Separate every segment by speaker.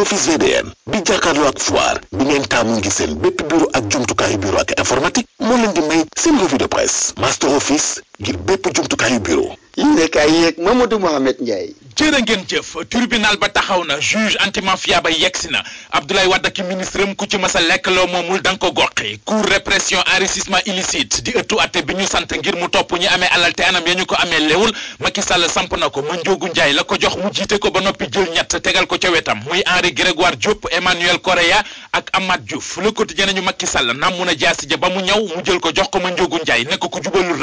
Speaker 1: office VDN bi jàkkaarloo ak foire bi ngeen taamu ngi seen bépp bureau ak jumtukaayu bureau ak informatique moo leen di may seen revue de presse master office ngir bépp jumtukaayu bureau. yéenekaay yeeg Mamadou Mouhamed Ndiaye. jërë ngeen jëf tribunal ba taxaw na juge antimafia ba yegsi na Abdoulaye Wade ak ministre ku ci masa lekk loo moomul da nga ko goqi cour répression enrichissement illicite di ëttu atte bi ñu sant ngir mu topp ñi amee alal te anam ya ñu ko amee léewul Macky Sall samp na ko ma njoogu njaay la ko jox mu jiite ko ba noppi jël ñett tegal ko ca wetam muy Henri Grégoire Diop Emmanuel Correa ak Amath Diouf le quotidien nañu Macky Sall nam mun a jaasi ja ba mu ñëw mu jël ko jox ko ma njoogu njaay nekk ko jubalul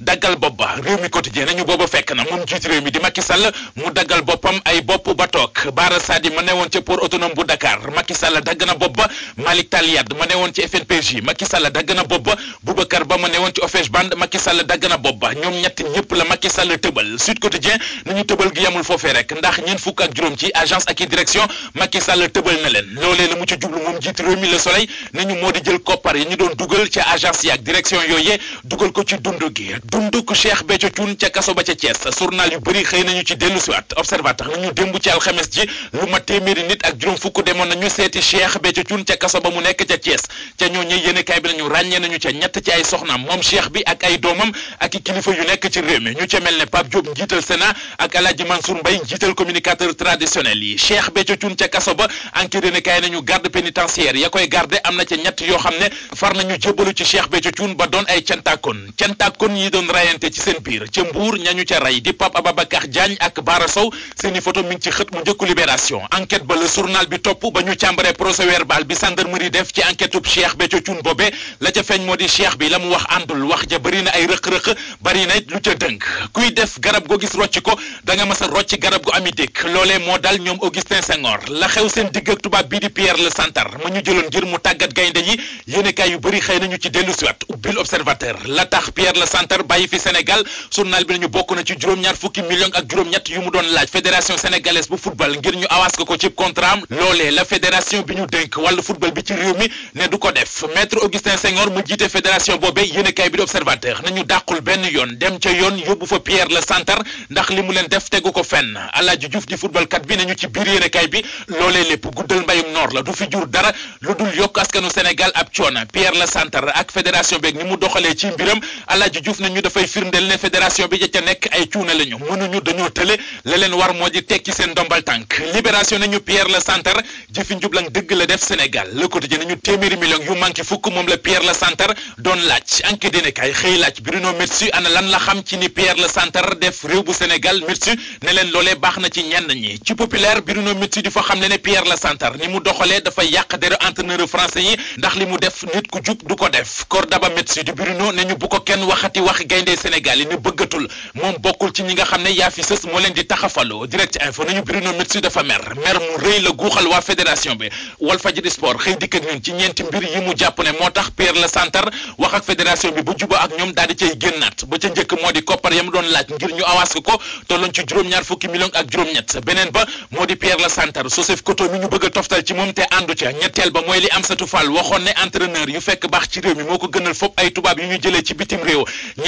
Speaker 1: daggal bopp ba réew mi quotidien nañu booba fekk na moom jiit réew mi di Macky Sall mu daggal boppam ay bopp ba toog Bara Sadi ma newoon ca port autonome bu Dakar Macky Sall dagg na bopp ba Malick Taliad ma newoon ci FNPJ Macky Sall dagg na bopp ba Boubacar Ba ma ne newoon ci OFJBAN Macky Sall dagg na bopp ba ñoom ñett ñëpp la Macky Sall tëbal Sud Quotidien nañu tëbal gi yamul foofee rek ndax ñeent fukk ak juróom ci agence ak i direction Macky Sall tëbal na leen loolee moom jiit réew moo di jël koppar ñu doon dugal ca agence yi ak direction yooyee dugal ko ci dund bunduk Cheikh Béthio Thioune ca kaso ba ca Thiès journal yu bari xëy nañu ci dellu siwaat observateur na ñu démb ci alxames ji lu ma téeméeri nit ak juróom fukk demoon nañu seeti Cheikh Béthio Thioune ca kaso ba mu nekk ca Thiès ca ñoo ñëw bi nañu ràññee nañu ca ñett ci ay soxnaam moom Cheikh bi ak ay doomam ak i kilifa yu nekk ci réew mi ñu ca ne Pape Diop njiital Sénat ak Alaaji Mansour Mbaye njiital communicateur traditionnel yi Cheikh Béthio Thioune ca kaso ba enquête yéenekaay doon ci seen biir ca mbuur ñañu ca rey di Pape Ababacar Diagne ak Bara seeni photo mi ci xët mu njëkku libération enquête ba le journal bi topp ba ñu càmbare procès verbal bi gendarmerie def ci enquête ub Cheikh Béthio Thioune bobe la ca feeñ moo di Cheikh bi la mu wax àndul wax ja bëri ay rëq-rëq bëri lu ca dënk kuy def garab goo gis rocc ko da nga mas a rocc garab gu ami dëkk loolee moo dal ñoom Augustin Senghor la xew seen digg ak tubaab bii di Pierre bàyyi fi Sénégal journal bi nañu bokk na ci juróom-ñaar fukki millions ak juróom-ñett yu mu doon laaj fédération sénégalaise bu football ngir ñu awaas ko ci contrat am la fédération bi ñu dénk wàllu football bi ci réew mi ne du ko def maître Augustin Senghor mu jiite fédération boobee yéenekaay bi di observateur nañu dàqul benn yoon dem ca yoon yóbbu fa Pierre Le Santar ndax li mu leen def tegu ko fenn Alaaji Diouf di footballkat bi nañu ci biir yéenekaay bi loolee lépp guddal mbayum noor la mënuñu dafay firndeel ni na ci ñenn ñi ci populaire Bruno Metsu mu doxalee dafa yàq deru entraîneur français yi ndax li mu def nit ku jub du ko def Cordoba Metsu di Bruno ne ñu bu ko kenn waxati wax wax gayndee Sénégal yi ne bëggatul moom bokkul ci ñi nga xam ne yaa fi sës moo leen di taxafalu direct info nañu Bruno Metsu dafa mer mer mu rëy la guuxal waa fédération bi Walfadjri Sport xëy dikk ak ñun ci ñeenti mbir yi mu jàpp ne moo tax Pierre Le Santar wax ak fédération bi bu juba ak ñoom daal di cay génnaat ba ca njëkk moo di koppar yam doon laaj ngir ñu awaas ko tolloon ci juróom-ñaar fukki million ak juróom-ñett beneen ba moo di Pierre Le Santar Joseph Koto a toftal mooy li Amsatou Fall waxoon ne entraîneur yu fekk baax ci réew mi moo ko gënal fop ay tubaab yu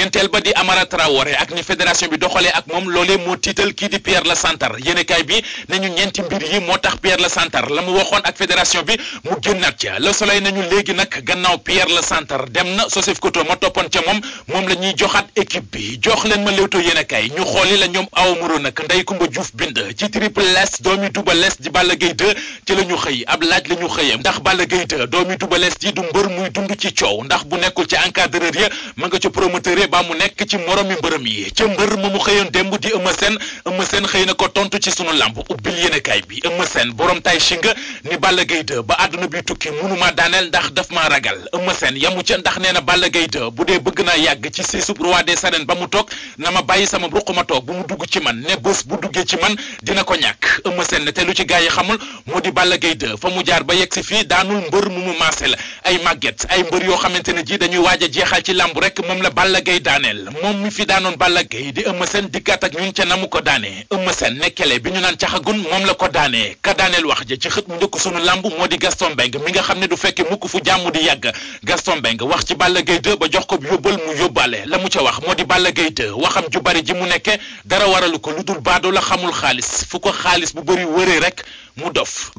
Speaker 1: ñeenteel ba di Amara Traoré ak ni fédération bi doxalee ak moom loolee moo tiital kii di Pierre Lasantar yéenekaay bi nañu ñeenti mbir yi moo tax Pierre Lasantar la mu waxoon ak fédération bi mu génnaat ca Le Soleil nañu léegi nag gannaaw Pierre Lasantar dem na Sosef Koto ma toppoon ca moom moom la joxaat équipe bi jox ma Leewtoo yéenekaay ñu xooli la ñoom awamuro nag Ndeye Kumba Diouf bind ci triple S doomi Double Less di Balla Gaye ci la baa mu nekk ci moromi mbërëm yi ca mbër ma mu xëyoon démb di Eumeu Sène Eumeu seen xëy na ko tontu ci sunu làmb ubbil yéenekaay bi Eumeu seen borom tay shinga ni Balla Gaye 2 ba àdduna bi tukki mënuma daaneel ndax daf ma ragal Eumeu Sène yamu ca ndax nee na Balla Gaye 2 bu dee bëgg naa yàgg ci seesub roi des ba mu toog na ma bàyyi sama ruq ma toog bu mu dugg ci man ne bés bu duggee ci man dina ko ñàkk Eumeu Sène te lu ci gaa yi xamul moo di Balla Gaye 2 fa mu jaar ba yegg si fii daanul mbër mu mu maase la ay màgget ay mbër yoo xamante ne ji dañuy waaj a jeexal ci làmb rek moom la Balla Gaye daaneel moom mi fi daanoon Balla Gaye di Eumeu Sène dikkaat ak ñun ca na ko daanee Eumeu Sène nekkele bi ñu naan caxagun moom la ko daanee ka daaneel wax ko sunu làmb moo di Gaston Mbengue mi nga xam ne du fekke mukk fu jàmm di yàgg Gaston Mbengue wax ci Balla Gaye 2 ba jox ko yóbbal mu yóbbale la mu ca wax moo di Balla Gaye 2 waxam ju bari ji mu nekke dara waralu ko lu dul baadoola xamul xaalis fu ko xaalis bu bari wëree rek mu dof